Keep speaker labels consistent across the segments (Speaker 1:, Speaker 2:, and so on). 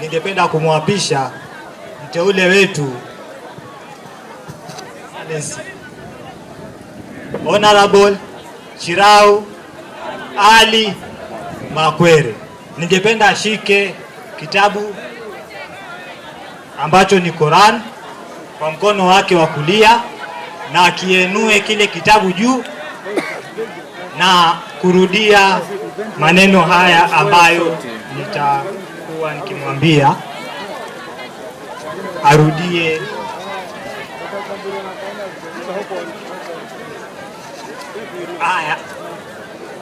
Speaker 1: ningependa kumwapisha mteule wetu Honorable chirau Ali Makwere. Ningependa ashike kitabu ambacho ni Quran kwa mkono wake wa kulia na akienue kile kitabu juu na kurudia maneno haya ambayo nita nilikuwa nikimwambia arudie haya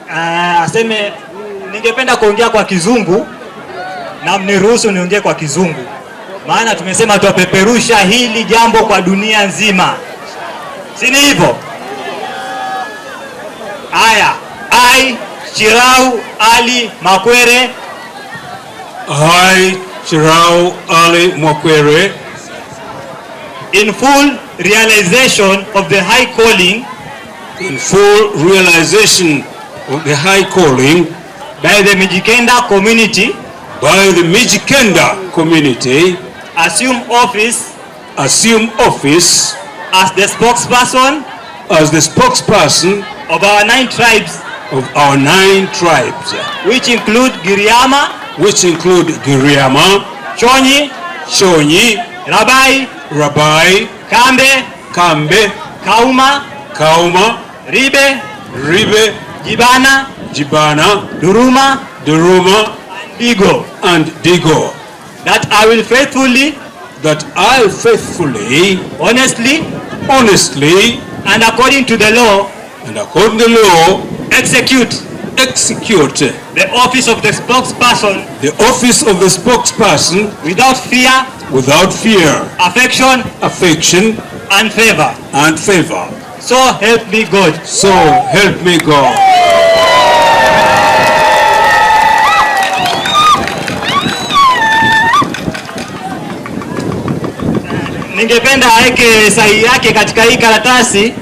Speaker 1: eh, aseme. Ningependa kuongea kwa Kizungu na mniruhusu niongee kwa Kizungu, maana tumesema twapeperusha hili jambo kwa dunia nzima, si ni hivyo? Haya, ai chirau Ali Makwere
Speaker 2: High Chirau Ali Mwakwere.
Speaker 3: In full realization of the high calling,
Speaker 2: in full realization of the high calling
Speaker 3: by the Mijikenda community,
Speaker 2: by the Mijikenda community,
Speaker 3: assume office,
Speaker 2: assume office
Speaker 3: as the spokesperson,
Speaker 2: as the spokesperson
Speaker 3: of our nine tribes,
Speaker 2: of our nine tribes,
Speaker 3: which include Giriama,
Speaker 2: which include Giriyama, Shonyi, Shonyi, Rabai, Rabai, Kambe, Kambe, Kauma, Kauma, Ribe, Ribe,
Speaker 3: Jibana, Jibana, Duruma, Duruma, Digo,
Speaker 2: and Digo.
Speaker 3: That I will faithfully,
Speaker 2: that I will faithfully, honestly, honestly,
Speaker 3: and according to the law,
Speaker 2: and according to the law,
Speaker 3: execute
Speaker 2: execute
Speaker 3: the office of the spokesperson
Speaker 2: the office of the spokesperson
Speaker 3: without fear
Speaker 2: without fear
Speaker 3: affection
Speaker 2: affection and favor and favor
Speaker 3: so help me God
Speaker 2: so help me God
Speaker 1: ningependa aweke sahihi yake katika hii karatasi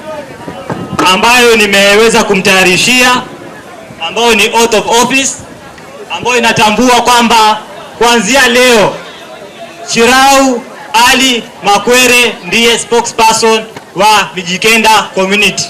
Speaker 1: ambayo nimeweza kumtayarishia ambayo ni out of office ambayo inatambua kwamba kuanzia leo chirau Ali Makwere ndiye spokesperson wa Mijikenda community.